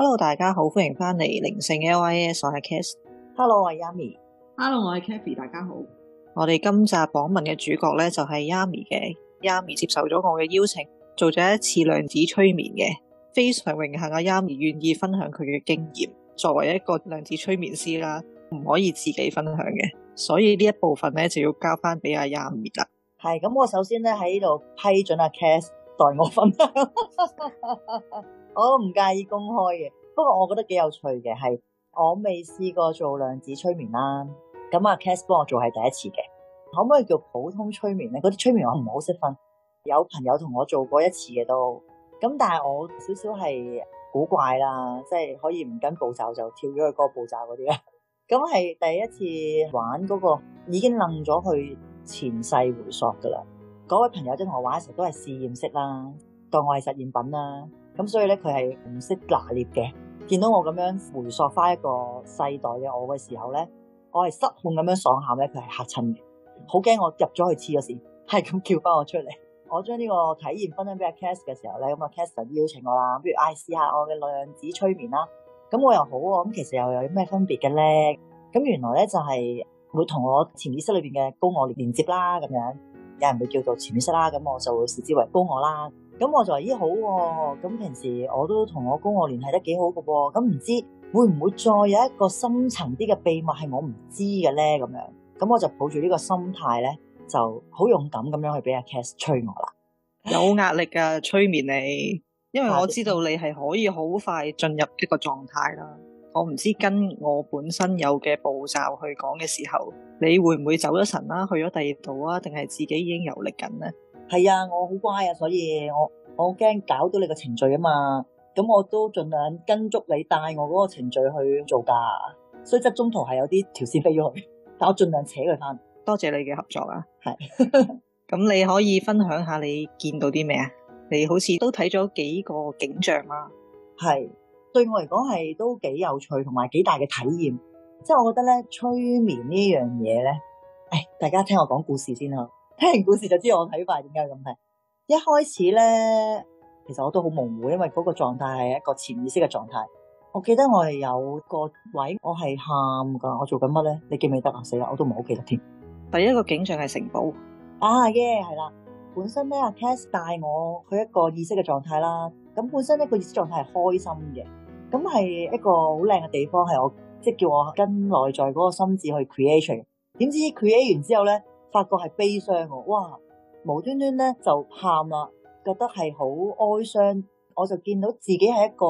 Hello，大家好，歡迎翻嚟靈性 LYS，我係 Cass。Hello，我係 Yami。Hello，我係 Kathy，大家好。我哋今集訪問嘅主角咧就係、是、Yami 嘅，Yami 接受咗我嘅邀請，做咗一次量子催眠嘅，非常榮幸阿、啊、Yami 願意分享佢嘅經驗，作為一個量子催眠師啦，唔可以自己分享嘅，所以呢一部分咧就要交翻俾阿 Yami 啦。係，咁我首先咧喺呢度批准阿、啊、Cass 代我分享。 我唔介意公開嘅，不過我覺得幾有趣嘅係，我未試過做量子催眠啦。咁阿 Casper 幫我做係第一次嘅，可唔可以叫普通催眠咧？嗰啲催眠我唔係好識分，有朋友同我做過一次嘅都，咁但係我少少係古怪啦，即係可以唔跟步驟就跳咗去嗰個步驟嗰啲啦。咁 係第一次玩嗰、嗰個已經愣咗去前世回溯噶啦。嗰位朋友即同我玩嘅時候都係試驗式啦，當我係實驗品啦。咁所以咧，佢係唔識拿捏嘅。見到我咁樣回溯翻一個世代嘅我嘅時候咧，我係失控咁樣爽喊，咧，佢係嚇親嘅。好驚我入咗去黐咗線，係咁叫翻我出嚟。 我將呢個體驗分享俾阿 Cast 嘅時候咧，咁阿 Cast 就邀請我啦，不如挨試、哎、下我嘅量子催眠啦。咁我又好喎，咁其實又又有咩分別嘅咧？咁原來咧就係、是、會同我潛意識裏邊嘅高我連接啦，咁樣有人會叫做潛意識啦，咁我就會視之為高我啦。咁、嗯、我就話咦、哎、好喎、哦，咁、嗯、平時我都同我高我聯繫得幾好嘅喎、哦，咁、嗯、唔知會唔會再有一個深層啲嘅秘密係我唔知嘅咧？咁樣，咁我就抱住呢個心態咧，就好勇敢咁樣去俾阿 Cass 催我啦。有壓力㗎、啊，催眠你，因為我知道你係可以好快進入呢個狀態啦。我唔知跟我本身有嘅步驟去講嘅時候，你會唔會走咗神啦、啊，去咗第二度啊，定係自己已經遊歷緊咧？係啊，我好乖啊，所以我我驚搞到你個程序啊嘛，咁我都盡量跟足你帶我嗰個程序去做噶所以即係中途係有啲條線飛咗去，但我盡量扯佢返。多謝你嘅合作啊，係是。咁 你可以分享下你見到啲咩啊？你好似都睇咗幾個景象啦、啊，係。對我嚟講係都幾有趣，同埋幾大嘅體驗。即係我覺得咧，催眠呢樣嘢咧，誒、哎，大家聽我講故事先吓。聽完故事就知道我睇法點解咁睇。一開始咧，其實我都好模糊，因為嗰個狀態係一個潛意識嘅狀態。我記得我係有個位，我係喊噶，我做緊乜咧？你記唔記得啊？死啦，我都唔好記得添。第一個景象係城堡。啊嘅，係啦。本身咧阿 Cass 帶我去一個意識嘅狀態啦。咁本身呢個意識狀態係開心嘅。咁係一個好靚嘅地方，係我即係、就是、叫我跟內在嗰個心智去 creation。點知 create 完之後咧？發覺係悲傷嘅，哇！無端端咧就喊啦，覺得係好哀傷。我就見到自己係一個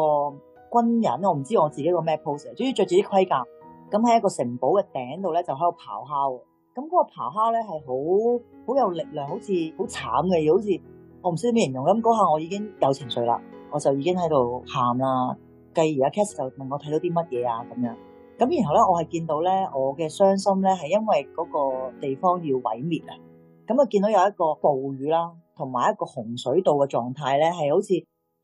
軍人，我唔知我自己個咩 pose，總之着住啲盔甲，咁喺一、嗯、一個城堡嘅頂度咧就喺度咆哮。咁、嗯、嗰、嗰個咆哮咧係好好有力量，好似好慘嘅、嗯，好似我唔知點形容。咁嗰下我已經有情緒啦，我就已經喺度喊啦。繼而阿 Cass 就問我睇到啲乜嘢啊咁樣。咁然後咧，我係見到咧，我嘅傷心咧係因為嗰個地方要毀滅啊！咁、嗯、啊，我見到有一個暴雨啦，同埋一個洪水到嘅狀態咧，係好似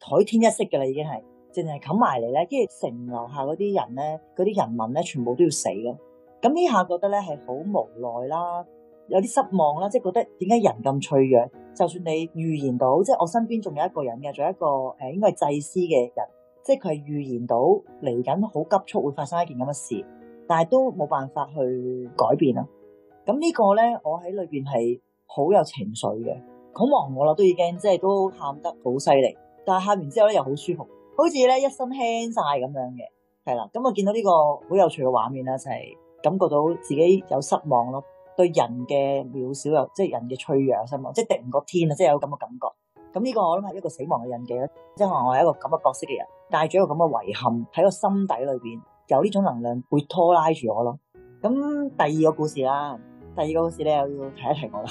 海天一色嘅啦，已經係淨係冚埋嚟咧，跟住城樓下嗰啲人咧，嗰啲人民咧，全部都要死咯！咁、嗯、呢下覺得咧係好無奈啦，有啲失望啦，即係覺得點解人咁脆弱？就算你預言到，即係我身邊仲有一個人嘅，仲有一個誒，應該係祭司嘅人。即係佢係預言到嚟緊好急促會發生一件咁嘅事，但係都冇辦法去改變咯。咁呢個咧，我喺裏邊係好有情緒嘅，好忘我啦，都已經即係都喊得好犀利。但係喊完之後咧，又好舒服，好似咧一身輕晒咁樣嘅係啦。咁我見到呢個好有趣嘅畫面啦，就係、是、感覺到自己有失望咯，對人嘅渺小又即係人嘅脆弱有失望，即係敵唔過天啊，即係有咁嘅感覺。咁呢個我諗係一個死亡嘅印記咯，即係可能我係一個咁嘅角色嘅人。帶咗一個咁嘅遺憾喺個心底裏邊，有呢種能量會拖拉住我咯。咁第二個故事啦，第二個故事咧又要提一提我啦，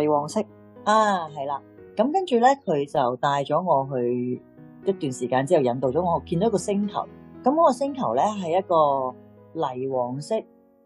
泥黃色啊，係啦。咁跟住咧，佢就帶咗我去一段時間之後，引導咗我見到一個星球。咁嗰個星球咧係一個泥黃色，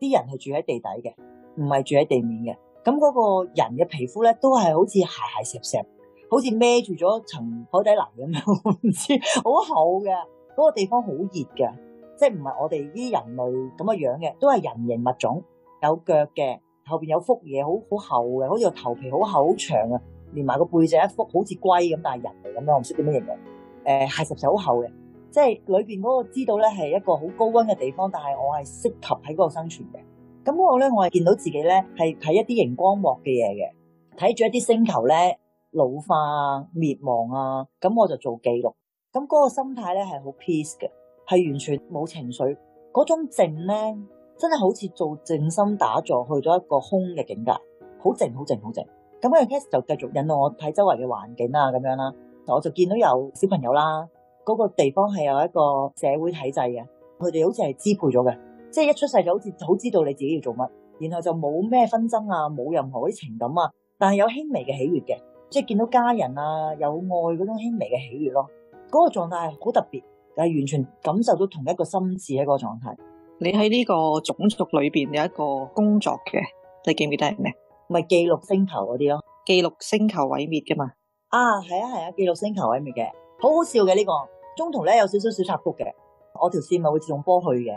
啲人係住喺地底嘅，唔係住喺地面嘅。咁嗰個人嘅皮膚咧都係好似鞋鞋石石。好似孭住咗層海底泥咁樣，我唔知，好厚嘅。嗰個地方好熱嘅，即係唔係我哋呢啲人類咁嘅樣嘅，都係人形物種，有腳嘅，後邊有幅嘢，好好厚嘅，好似個頭皮好厚好長啊，連埋個背脊一幅好似龜咁，但係人嚟咁樣，我唔識點樣形容誒，係實實好厚嘅，即係裏邊嗰個知道咧係一個好高溫嘅地方，但係我係適合喺嗰度生存嘅。咁嗰個咧，我係見到自己咧係睇一啲熒光幕嘅嘢嘅，睇住一啲星球咧。老化啊，滅亡啊，咁我就做記錄。咁嗰個心態咧係好 peace 嘅，係完全冇情緒。嗰種靜咧，真係好似做靜心打坐，去咗一個空嘅境界，好靜，好靜，好靜。咁嗰樣 case 就繼續引導我睇周圍嘅環境啊，咁樣啦，我就見到有小朋友啦，嗰個地方係有一個社會體制嘅，佢哋好似係支配咗嘅，即係一出世就好似好知道你自己要做乜，然後就冇咩紛爭啊，冇任何嗰啲情感啊，但係有輕微嘅喜悅嘅。即係見到家人啊，有愛嗰種輕微嘅喜悦咯，嗰、嗰個狀態係好特別，但係完全感受到同一個心智喺嗰個狀態。你喺呢個種族裏邊有一個工作嘅，你記唔記得係咩？咪記錄星球嗰啲咯記錄星球毀滅噶嘛？啊，係啊係啊，記錄、啊啊、星球毀滅嘅，好好笑嘅呢、呢個。中途咧有少少小插曲嘅，我條線咪會自動波去嘅。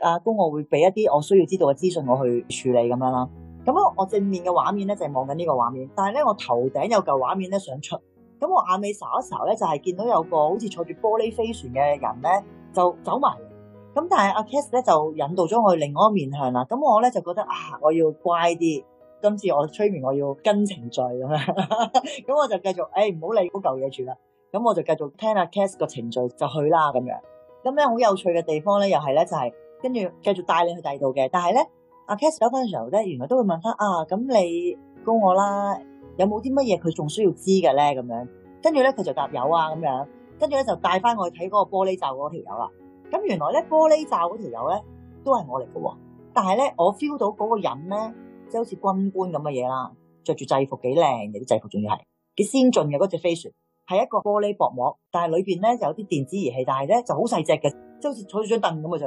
阿、啊、公，我會俾一啲我需要知道嘅資訊我去處理咁樣啦。咁我正面嘅畫面咧就係、是、望緊呢個畫面，但係咧我頭頂有嚿畫面咧想出咁，我眼尾睄一睄咧就係、是、見到有個好似坐住玻璃飛船嘅人咧就走埋嚟。咁但係阿 Cast 咧就引導咗我去另外一個面向啦。咁我咧就覺得啊，我要乖啲，今次我催眠我要跟程序咁樣。咁 我就繼續誒唔好理嗰嚿嘢住啦。咁、哎、我就繼續聽阿 Cast 個程序就去啦咁樣。咁咧好有趣嘅地方咧又係咧就係跟住繼續帶你去第二度嘅，但係咧。阿 cast 走翻嘅時候咧，原來都會問翻啊，咁、嗯、你告我啦，有冇啲乜嘢佢仲需要知嘅咧？咁樣跟住咧，佢就答油啊咁樣，跟住咧就帶翻、啊、我去睇嗰個玻璃罩嗰條友啦。咁原來咧，玻璃罩嗰條友咧都係我嚟嘅喎，但係咧我 feel 到嗰個人咧，即係好似軍官咁嘅嘢啦，着住制服幾靚嚟，啲制服仲要係幾先進嘅嗰隻飛船，係一個玻璃薄膜，但係裏邊咧就有啲電子儀器，但係咧就好細隻嘅，即好似坐住張凳咁嘅就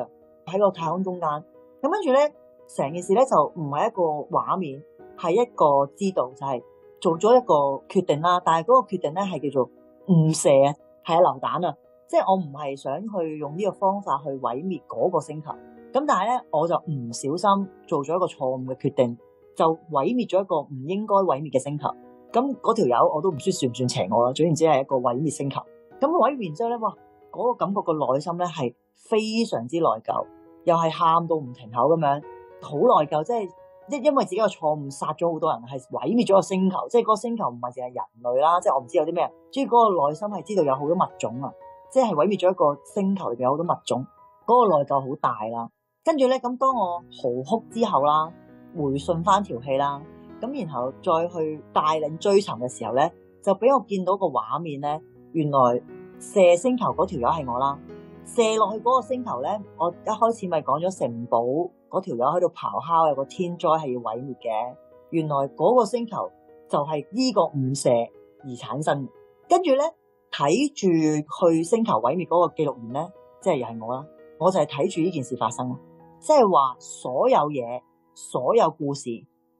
喺個太空中間咁，跟住咧。成件事咧就唔係一個畫面，係一個知道就係做咗一個決定啦。但係嗰個決定咧係叫做誤射，係榴彈啊，即係我唔係想去用呢個方法去毀滅嗰個星球。咁但係咧，我就唔小心做咗一個錯誤嘅決定，就毀滅咗一個唔應該毀滅嘅星球。咁嗰條友我都唔知算唔算邪惡啦，總然之係一個毀滅星球。咁毀滅之後咧，哇，嗰個感覺個內心咧係非常之內疚，又係喊到唔停口咁樣。好內疚，即係即因為自己個錯誤殺咗好多人，係毀滅咗個星球。即係嗰個星球唔係淨係人類啦，即係我唔知有啲咩。所以嗰個內心係知道有好多物種啊，即係毀滅咗一個星球入邊有好多物種。嗰個內疚好大啦。跟住呢，咁當我嚎哭之後啦，回信翻條氣啦，咁然後再去帶領追尋嘅時候呢，就俾我見到個畫面呢，原來射星球嗰條友係我啦，射落去嗰個星球呢，我一開始咪講咗城堡。嗰條友喺度咆哮，有個天災係要毀滅嘅。原來嗰個星球就係呢個誤射而產生。跟住呢，睇住佢星球毀滅嗰個記錄員呢，即係又係我啦。我就係睇住呢件事發生啦。即係話所有嘢，所有故事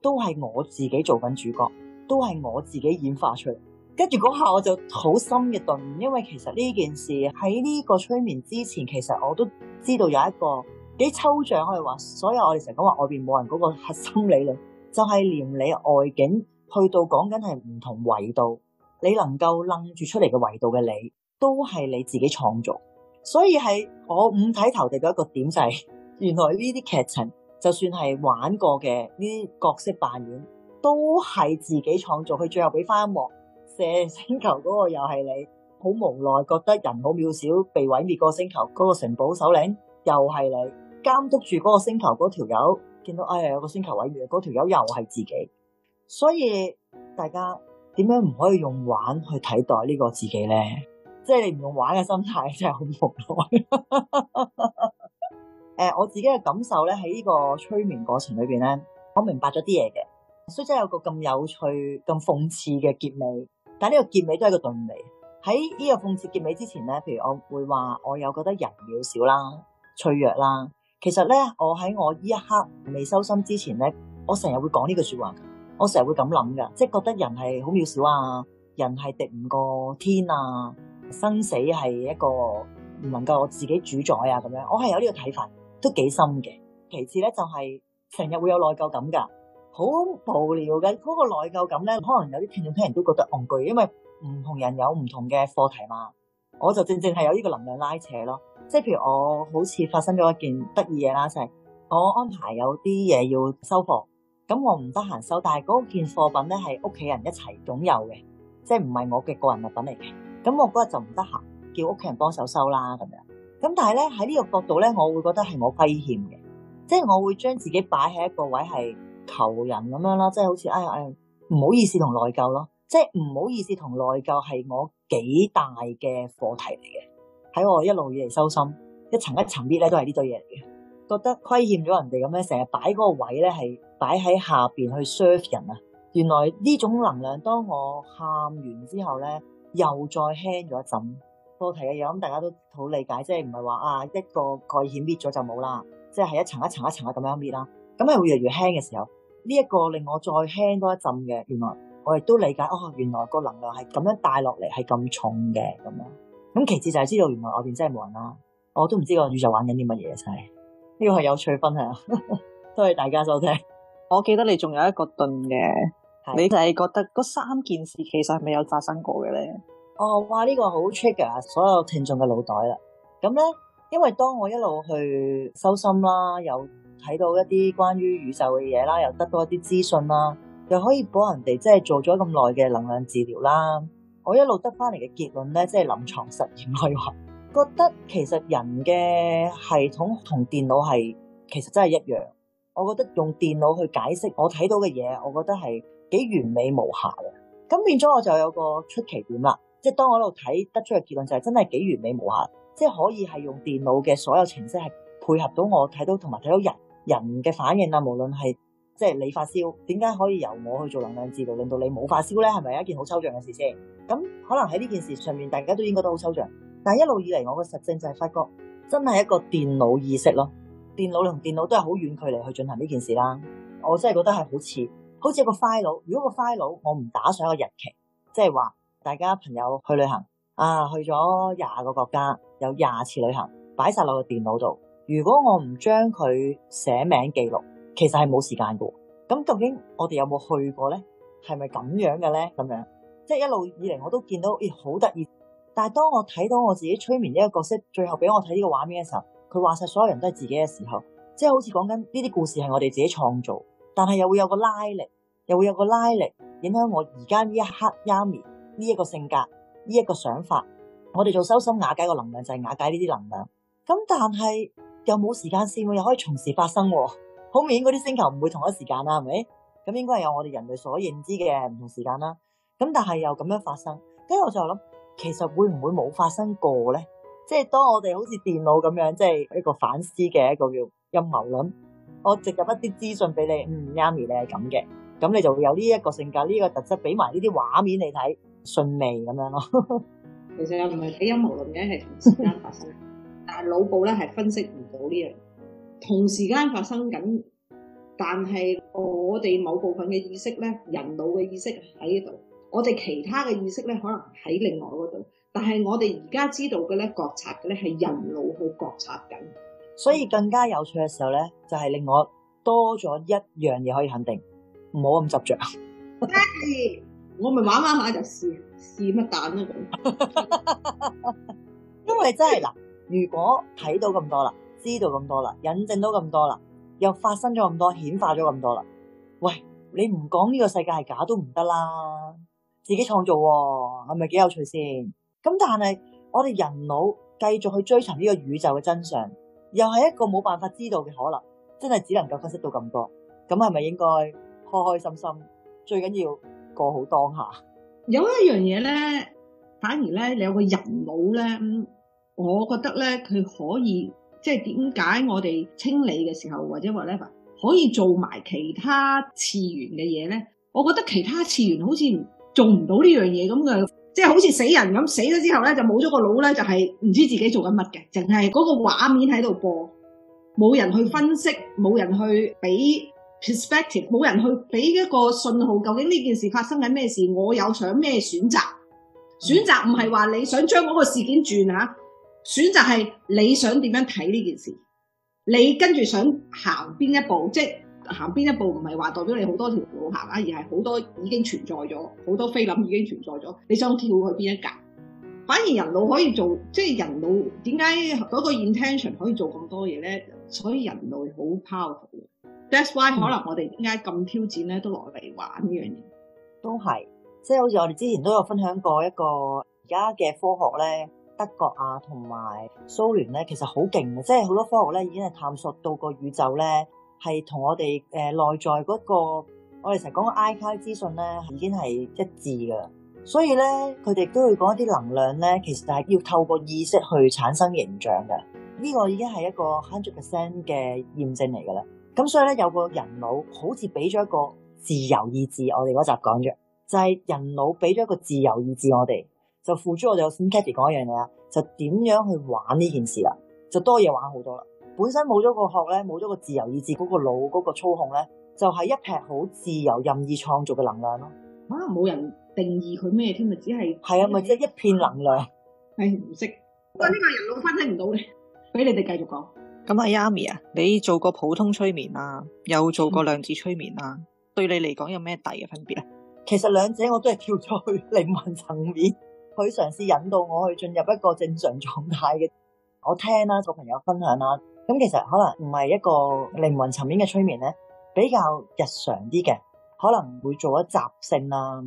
都係我自己做緊主角，都係我自己演化出嚟。跟住嗰下我就好深嘅頓，因為其實呢件事喺呢個催眠之前，其實我都知道有一個。幾抽象，我哋話所有我哋成日講話外邊冇人嗰個核心理論，就係、是、連你外境去到講緊係唔同維度，你能夠楞住出嚟嘅維度嘅你，都係你自己創造。所以係我五體投地嘅一個點就係、是，原來呢啲劇情就算係玩過嘅呢啲角色扮演，都係自己創造。佢最後俾翻一幕射星球嗰個又係你，好無奈覺得人好渺小，被毀滅個星球嗰、那個城堡首領又係你。監督住嗰個星球嗰條友，見到哎呀有個星球毀滅，嗰條友又係自己，所以大家點樣唔可以用玩去替代呢個自己呢？即係你唔用玩嘅心態，真係好無奈。誒， 我自己嘅感受呢，喺呢個催眠過程裏邊呢，我明白咗啲嘢嘅，雖則有個咁有趣、咁諷刺嘅結尾，但呢個結尾都係個頓悟。喺呢個諷刺結尾之前呢，譬如我會話，我有覺得人渺小啦，脆弱啦。其實咧，我喺我呢一刻未收心之前咧，我成日會講呢句説話，我成日會咁諗㗎，即係覺得人係好渺小啊，人係敵唔過天啊，生死係一個唔能夠我自己主宰啊咁樣，我係有呢個睇法，都幾深嘅。其次咧，就係成日會有內疚感㗎，好無聊嘅嗰個內疚感咧，可能有啲聽眾聽人都覺得戇居，因為唔同人有唔同嘅課題嘛，我就正正係有呢個能量拉扯咯。即係譬如我好似發生咗一件得意嘢啦，就係我安排有啲嘢要收貨，咁我唔得閒收，但係嗰件貨品咧係屋企人一齊擁有嘅，即係唔係我嘅個人物品嚟嘅。咁我嗰日就唔得閒，叫屋企人幫手收啦咁樣。咁但係咧喺呢個角度咧，我會覺得係我虧欠嘅，即係我會將自己擺喺一個位係求人咁樣啦，即係好似哎呀哎，唔好意思同內疚咯，即係唔好意思同內疚係我幾大嘅課題嚟嘅。喺我一路以嚟收心，一層一層搣咧都係呢堆嘢嚟嘅，覺得虧欠咗人哋咁咧，成日擺嗰個位咧係擺喺下邊去 serve 人啊。原來呢種能量，當我喊完之後咧，又再輕咗一陣，多提嘅嘢，咁大家都好理解，即係唔係話啊一個虧欠搣咗就冇啦，即係一層一層一層咁樣搣啦，咁係會越嚟越輕嘅時候，呢一個令我再輕多一陣嘅，原來我亦都理解，哦，原來個能量係咁樣帶落嚟係咁重嘅咁樣。咁其次就係知道原來外邊真係冇人啦，我都唔知個宇宙玩緊啲乜嘢，真係呢個係有趣分享， 多謝大家收聽。我記得你仲有一個盾嘅，的你係覺得嗰三件事其實係未有發生過嘅咧？哦，哇，呢、這個好 trigger 所有聽眾嘅腦袋啦。咁咧，因為當我一路去修心啦，又睇到一啲關於宇宙嘅嘢啦，又得到一啲資訊啦，又可以幫人哋即係做咗咁耐嘅能量治療啦。我一路得翻嚟嘅結論呢，即係臨床實驗去話，覺得其實人嘅系統同電腦係其實真係一樣。我覺得用電腦去解釋我睇到嘅嘢，我覺得係幾完美無瑕嘅。咁變咗我就有個出奇點啦，即係當我一路睇得出嘅結論就係真係幾完美無瑕，即係可以係用電腦嘅所有程式係配合到我睇到同埋睇到人人嘅反應啦、啊，無論係。即係你發燒，點解可以由我去做能量治療，令到你冇發燒呢？係咪一件好抽象嘅事先？咁可能喺呢件事上面，大家都應該都好抽象。但係一路以嚟，我嘅實證就係發覺真係一個電腦意識咯。電腦同電腦都係好遠距離去進行呢件事啦。我真係覺得係好似好似個 file。如果個 file 我唔打上個日期，即係話大家朋友去旅行啊，去咗廿個國家，有廿次旅行擺晒落個電腦度。如果我唔將佢寫名記錄。其實係冇時間嘅。咁究竟我哋有冇去過呢？係咪咁樣嘅呢？咁樣即係、就是、一路以嚟我都見到咦好得意。但係當我睇到我自己催眠呢個角色，最後俾我睇呢個畫面嘅時候，佢話晒所有人都係自己嘅時候，即、就、係、是、好似講緊呢啲故事係我哋自己創造，但係又會有個拉力，又會有個拉力影響我而家呢一刻 Yami 呢一個性格，呢、這、一個想法。我哋做修心瓦解個能量就係瓦解呢啲能量。咁、就是、但係又冇時間先我又可以同時發生喎、啊。好明顯嗰啲星球唔會同一時間啦，係咪？咁應該係有我哋人類所認知嘅唔同時間啦。咁但係又咁樣發生，跟住我就諗其實會唔會冇發生過咧？即係當我哋好似電腦咁樣，即係一個反思嘅一個叫陰謀論。我植入一啲資訊俾你，嗯，Yami 你係咁嘅，咁你就會有呢一個性格、呢個特質，俾埋呢啲畫面你睇，信未咁樣咯？其實又唔係俾陰謀論嘅，係同時間發生，但係腦部咧係分析唔到呢樣。同時間發生緊，但係我哋某部分嘅意識咧，人腦嘅意識喺度；我哋其他嘅意識咧，可能喺另外嗰度。但係我哋而家知道嘅咧，覺察嘅咧係人腦去覺察緊。所以更加有趣嘅時候咧，就係、是、令我多咗一樣嘢可以肯定，唔好咁執着。我咪玩玩下就試試乜蛋啦。因為真係嗱，如果睇到咁多啦。知道咁多啦，引證到咁多啦，又發生咗咁多，顯化咗咁多啦。喂，你唔講呢個世界係假都唔得啦，自己創造喎、哦，係咪幾有趣先？咁但係我哋人腦繼續去追尋呢個宇宙嘅真相，又係一個冇辦法知道嘅可能，真係只能夠分析到咁多。咁係咪應該開開心心，最緊要過好當下？有一樣嘢咧，反而咧，你有個人腦咧，我覺得咧，佢可以。即係點解我哋清理嘅時候或者 whatever 可以做埋其他次元嘅嘢咧？我覺得其他次元好似做唔到呢樣嘢咁嘅，即係好似死人咁死咗之後咧，就冇咗個腦咧，就係唔知自己做緊乜嘅，淨係嗰個畫面喺度播，冇人去分析，冇人去俾 perspective，冇人去俾一個信號，究竟呢件事發生緊咩事，我有想咩選擇？選擇唔係話你想將嗰個事件轉啊？選擇係你想點樣睇呢件事，你跟住想行邊一步，即係行邊一步唔係話代表你好多條路行啊，而係好多已經存在咗，好多菲林已經存在咗，你想跳去邊一格？反而人腦可以做，即係人腦點解嗰個 intention 可以做咁多嘢咧？所以人類好 powerful。That's why 嗯，可能我哋點解咁挑戰咧都落嚟玩呢樣嘢，都係即係好似我哋之前都有分享過一個而家嘅科學咧。德國啊，同埋蘇聯咧，其實好勁嘅，即係好多科學咧已經係探索到個宇宙咧，係同我哋誒、呃、內在嗰、那個，我哋成日講個 IC 資訊咧已經係一致嘅。所以咧，佢哋都會講一啲能量咧，其實係要透過意識去產生形象嘅。呢、這個已經係一個 hundred percent 嘅驗證嚟㗎啦。咁所以咧，有個人腦好似俾咗一個自由意志，我哋嗰集講咗，就係、是、人腦俾咗一個自由意志我哋。就付著我哋有先 Cathy 講一樣嘢啊，就點樣去玩呢件事啊？就多嘢玩好多啦。本身冇咗個學咧，冇咗個自由意志，嗰、那個腦嗰、那個操控咧，就係、是、一劈好自由任意創造嘅能量咯。可能冇人定義佢咩添，咪只係係啊，咪即係一片能量。唉，唔識。就不過呢個人我分析唔到咧，俾你哋繼續講。咁阿 Yami 啊，你做過普通催眠啊，又做過量子催眠啊，對你嚟講有咩大嘅分別啊？其實兩者我都係跳咗去靈魂層面。佢嘗試引導我去進入一個正常狀態嘅，我聽啦，做朋友分享啦。咁其實可能唔係一個靈魂層面嘅催眠咧，比較日常啲嘅，可能會做一習性啊，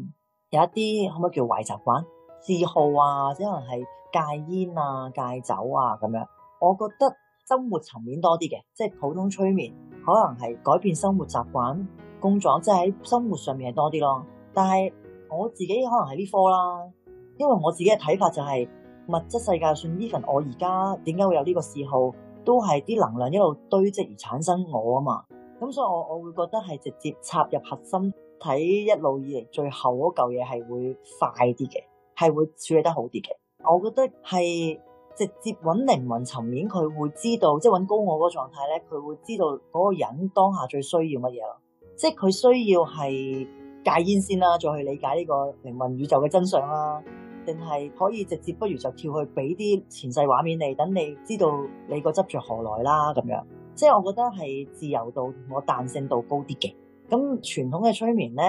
有一啲可唔可以叫壞習慣嗜好啊，即係可能係戒煙啊、戒酒啊咁樣。我覺得生活層面多啲嘅，即係普通催眠，可能係改變生活習慣、工作，即係喺生活上面係多啲咯。但係我自己可能係呢科啦。因為我自己嘅睇法就係物質世界算 even 我而家點解會有呢個嗜好，都係啲能量一路堆積而產生我啊嘛。咁所以我我會覺得係直接插入核心睇一路以嚟，最後嗰嚿嘢係會快啲嘅，係會處理得好啲嘅。我覺得係直接搵靈魂層面，佢會知道，即係搵高我嗰狀態咧，佢會知道嗰個人當下最需要乜嘢咯。即係佢需要係戒煙先啦，再去理解呢個靈魂宇宙嘅真相啦。定係可以直接，不如就跳去俾啲前世畫面你等你知道你個執着何來啦咁樣。即係我覺得係自由度同個彈性度高啲嘅。咁傳統嘅催眠呢，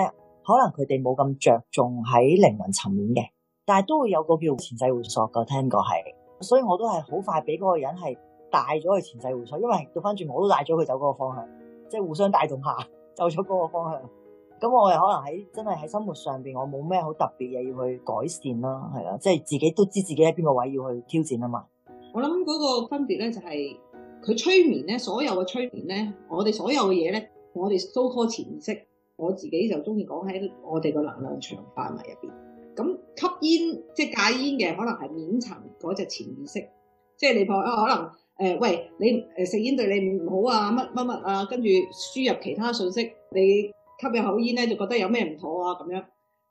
可能佢哋冇咁着重喺靈魂層面嘅，但係都會有個叫前世回溯嘅，聽過係。所以我都係好快俾嗰個人係帶咗去前世回溯，因為倒翻轉我都帶咗佢走嗰個方向，即係互相帶動下，走咗嗰個方向。咁我哋可能喺真係喺生活上邊，我冇咩好特別嘢要去改善啦，係啊，即、就、係、是、自己都知自己喺邊個位要去挑戰啊嘛。我諗嗰個分別咧就係、是、佢催眠咧，所有嘅催眠咧，我哋所有嘅嘢咧，我哋 so call 潛意識，我自己就中意講喺我哋個能量場範圍入邊。咁吸煙即係戒煙嘅，可能係面層嗰隻潛意識，即係你話、啊、可能誒、欸、喂，你誒食煙對你唔好啊，乜乜乜啊，跟住輸入其他信息你。吸入口煙咧，就覺得有咩唔妥啊咁樣，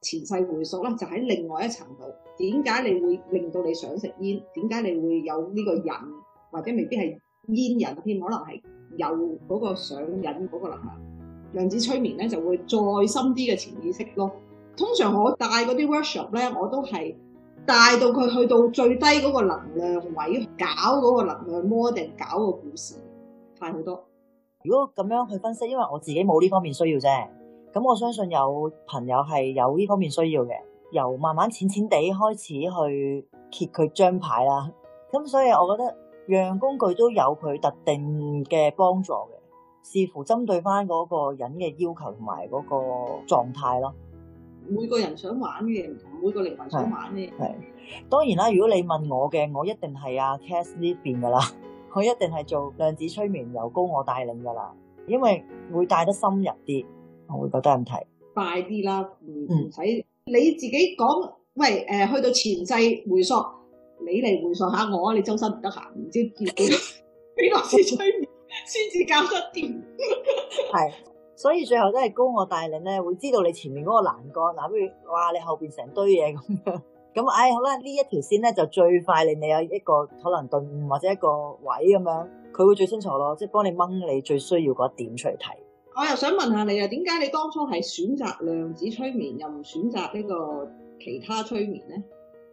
前世回溯啦，就喺另外一層度。點解你會令到你想食煙？點解你會有呢個癮，或者未必係煙癮添？可能係有嗰個上癮嗰個能量，量子催眠咧就會再深啲嘅潛意識咯。通常我帶嗰啲 workshop 咧，我都係帶到佢去到最低嗰個能量位，搞嗰個能量 m 定搞個故事快好多。如果咁樣去分析，因為我自己冇呢方面需要啫。咁我相信有朋友係有呢方面需要嘅，由慢慢淺淺地開始去揭佢張牌啦。咁所以，我覺得樣工具都有佢特定嘅幫助嘅，視乎針對翻嗰個人嘅要求同埋嗰個狀態咯。每個人想玩嘅唔同，每個靈魂想玩嘅係當然啦。如果你問我嘅，我一定係阿 c a s 呢邊噶啦，佢一定係做量子催眠由高我帶領噶啦，因為會帶得深入啲。我會覺得人睇快啲啦，唔使、嗯、你自己講，喂，誒、呃，去到前世回溯。你嚟回溯下我，你周身唔得閒，唔知幾多次催眠，先至搞得掂。係，所以最後都係高我帶領咧，會知道你前面嗰個欄杆，嗱，不如話，你後邊成堆嘢咁樣，咁唉、哎、好啦，呢一條線咧就最快令你有一個可能頓或者一個位咁樣，佢會最清楚咯，即係幫你掹你最需要嗰一點出嚟睇。我又想問下你啊，點解你當初係選擇量子催眠，又唔選擇呢個其他催眠呢？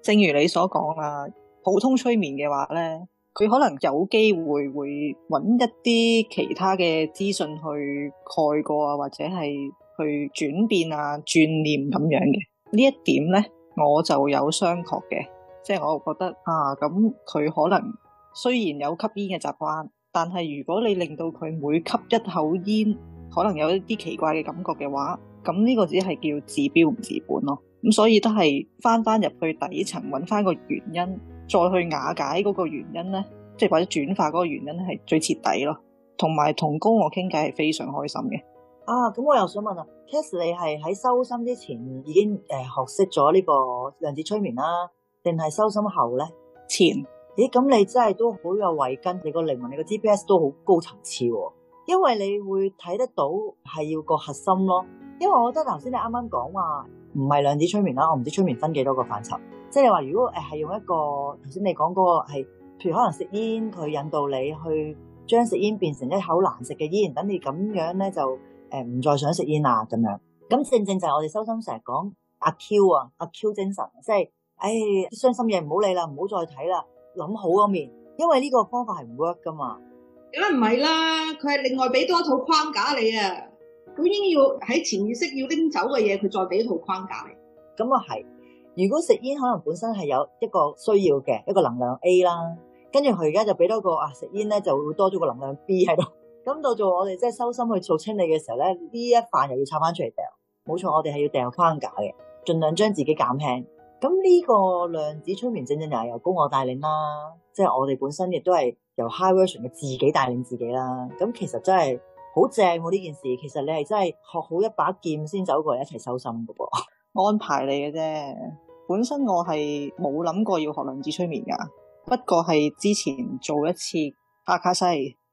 正如你所講啊，普通催眠嘅話呢，佢可能有機會會揾一啲其他嘅資訊去蓋過啊，或者係去轉變啊、轉念咁樣嘅。呢一點呢，我就有商榷嘅，即係我覺得啊，咁佢可能雖然有吸煙嘅習慣，但係如果你令到佢每吸一口煙。可能有一啲奇怪嘅感覺嘅話，咁呢個只係叫治標唔治本咯。咁所以都係翻翻入去底層，揾翻個原因，再去瓦解嗰個原因咧，即係或者轉化嗰個原因咧，係最徹底咯。同埋同高我傾偈係非常開心嘅。啊，咁我又想問啊，Kas 前你係喺修心之前已經誒學識咗呢個量子催眠啦，定係修心後咧？前咦，咁你真係都好有慧根，你個靈魂、你個 GPS 都好高層次喎、啊。因為你會睇得到係要個核心咯，因為我覺得頭先你啱啱講話唔係量子催眠啦、啊，我唔知催眠分幾多個範疇，即係你話如果誒係用一個頭先你講嗰個係，譬如可能食煙，佢引導你去將食煙變成一口難食嘅煙，等你咁樣咧就誒唔再想食煙啊咁樣，咁正正就係我哋修心成日講阿 Q 啊，阿 Q 精神，即係誒傷心嘢唔好理啦，唔好再睇啦，諗好嗰面，因為呢個方法係唔 work 噶嘛。梗係唔係啦？佢係另外俾多一套框架你啊！本應該要喺潛意識要拎走嘅嘢，佢再俾一套框架你。咁啊係。如果食煙可能本身係有一個需要嘅一個能量 A 啦，跟住佢而家就俾多個啊食煙咧就會多咗個能量 B 喺度。咁到做我哋即係收心去做清理嘅時候咧，呢一範又要拆翻出嚟掉。冇錯，我哋係要掉框架嘅，盡量將自己減輕。咁呢個量子催眠正正又係由高我帶領啦，即係我哋本身亦都係，由 High version 嘅自己帶領自己啦，咁其實真係好正呢件事。其實你係真係學好一把劍先走過嚟一齊收心噶噃、啊，安排你嘅啫。本身我係冇諗過要學量子催眠噶，不過係之前做一次阿卡西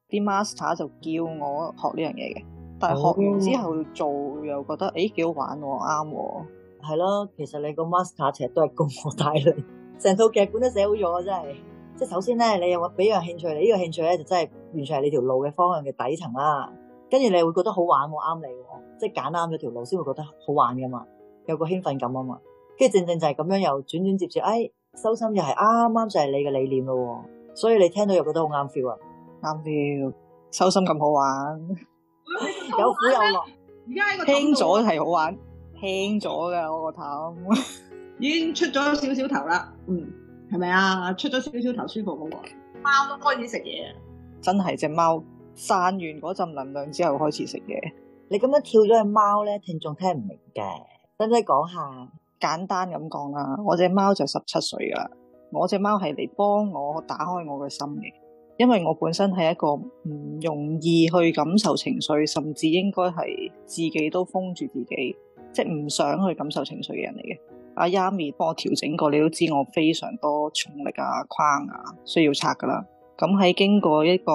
啲 master 就叫我學呢樣嘢嘅，但係學完之後做又覺得誒幾、欸、好玩，啱係咯。其實你個 master 其實都係功我帶你，成 套劇本都寫好咗，真係。即係首先咧，你有俾樣興趣，你呢個興趣咧就真係完全係你條路嘅方向嘅底層啦。跟住你會覺得好玩，啱你，即係揀啱咗條路先會覺得好玩噶嘛，有個興奮感啊嘛。跟住正正就係咁樣，又轉轉接接，哎，修心又係啱啱就係你嘅理念咯。所以你聽到又覺得好啱 feel 啊，啱 feel，修心咁好玩，有苦有樂，而家聽咗係好玩，聽咗嘅我個頭， 已經出咗少少頭啦，嗯。係咪啊？出咗少少頭舒服好啊！貓都開始食嘢啊！真係隻貓散完嗰陣能量之後開始食嘢。你咁樣跳咗去隻貓咧，聽眾聽唔明嘅，使唔使講下？簡單咁講啦，我隻貓就十七歲啦。我隻貓係嚟幫我打開我嘅心嘅，因為我本身係一個唔容易去感受情緒，甚至應該係自己都封住自己，即係唔想去感受情緒嘅人嚟嘅。阿 Yami 幫我調整過，你都知我非常多重力啊框啊需要拆噶啦。咁喺經過一個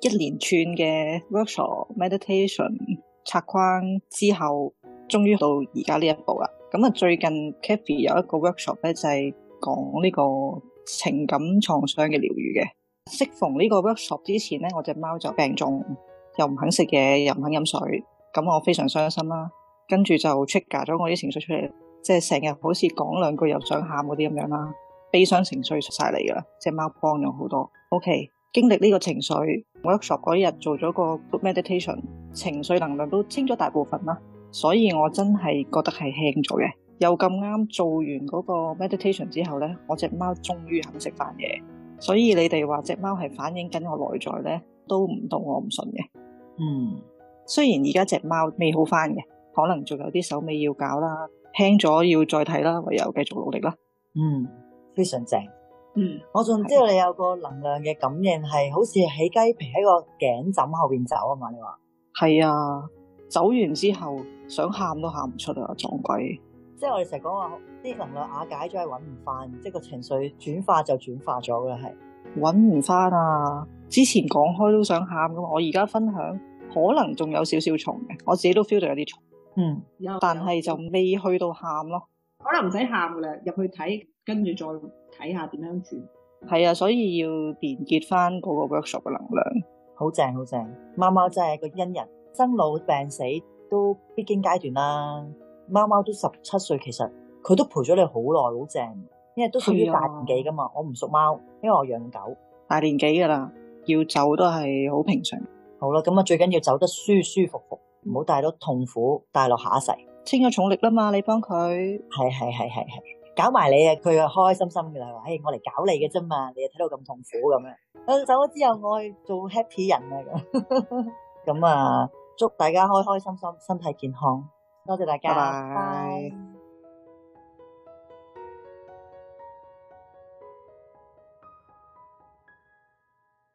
一連串嘅 workshop meditation 拆框之後，終於到而家呢一步啦。咁啊，最近 Cathy 有一個 workshop 咧，就係、是、講呢個情感創傷嘅療愈嘅。適逢呢個 workshop 之前咧，我隻貓就病重，又唔肯食嘢，又唔肯飲水，咁我非常傷心啦、啊。跟住就 trigger 咗我啲情緒出嚟。即係成日好似講兩句又想喊嗰啲咁樣啦，悲傷情緒出晒嚟噶啦，隻貓幫咗好多。O.K. 經歷呢個情緒，我喺 shop 嗰一日做咗個 meditation，情緒能量都清咗大部分啦，所以我真係覺得係輕咗嘅。又咁啱做完嗰個 meditation 之後咧，我隻貓終於肯食飯嘢，所以你哋話隻貓係反映緊我內在咧，都唔到我唔信嘅。嗯，雖然而家隻貓未好翻嘅，可能仲有啲手尾要搞啦。聽咗要再睇啦，唯有繼續努力啦。嗯，非常正。嗯，我仲知道你有個能量嘅感應，係好似喺雞皮喺個頸枕後邊走啊嘛？你話係啊？走完之後想喊都喊唔出啊！撞鬼！即係我哋成日講話啲能量瓦解咗，係搵唔翻，即係個情緒轉化就轉化咗噶啦，係搵唔翻啊！之前講開都想喊噶嘛，我而家分享可能仲有少少重嘅，我自己都 feel 到有啲重。嗯，有但係就未去到喊咯，可能唔使喊噶啦，入去睇，跟住再睇下點樣轉，係啊、嗯，所以要連結翻嗰個 workshop 嘅能量，好正，好正。貓貓真係個恩人，生老病死都必經階段啦。貓貓都十七歲，其實佢都陪咗你好耐，好正，因為都屬於大年紀噶嘛。啊、我唔熟貓，因為我養狗，大年紀噶啦，要走都係好平常。好啦，咁啊最緊要走得舒舒服服。唔好帶到痛苦，帶到下一世。清咗重力啦嘛，你幫佢。係係係係係，搞埋你啊！佢又開開心心嘅啦，話：嘿，我嚟搞你嘅啫嘛，你又睇到咁痛苦咁樣。我走咗之後，我去做 happy 人啊！咁咁啊，祝大家開開心心，身體健康。多謝大家，拜拜。